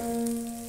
Música hum.